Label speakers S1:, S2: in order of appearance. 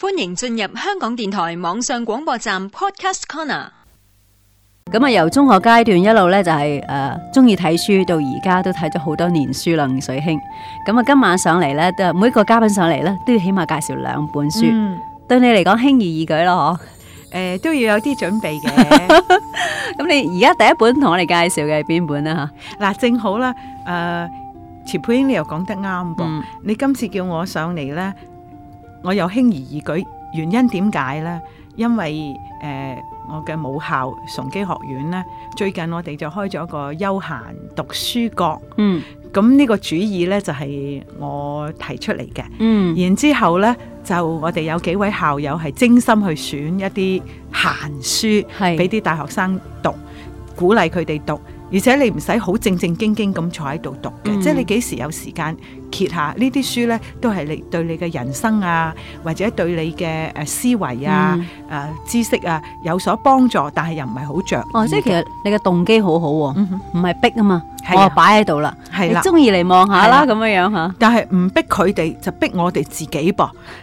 S1: 歡迎進入香港電台網上廣播站 Podcast Corner。咁啊，由中學階段一路咧就係誒，中意睇書，到而家都睇咗好多年書啦，瑞卿。咁啊，今晚上嚟咧，每個嘉賓上嚟咧都要起碼介紹兩本書。對你嚟講，輕而易舉咯，嗬？誒，都要有啲準備嘅。
S2: 咁你而家第一本同我哋介紹嘅係邊本咧？吓嗱，正好啦，誒，
S3: 錢佩英你又講得啱噃。你今次叫我上嚟咧？我又輕而易舉，原因點解呢？因為、呃、我嘅母校崇基學院呢，最近我哋就開咗個休閒讀書角，嗯，咁呢個主意呢，就係、是、我提出嚟嘅，嗯，然之後呢，就我哋有幾位校友係精心去選一啲閒書，係俾啲大學生讀，鼓勵佢哋讀。而且你唔使好正正經經咁坐喺度讀嘅，嗯、即係你幾時有時間揭下這些呢啲書咧，都係你對你嘅人生啊，或者對你嘅誒思維啊、誒、嗯啊、知識啊有所幫助，但係又唔係好着。哦，即係其實
S1: 你嘅動機好好、哦、喎，唔係、嗯、哼逼啊嘛，我擺喺度啦，oh, 啊、你中意嚟
S2: 望下啦咁樣樣嚇。但係唔逼佢哋，就逼我哋自己噃。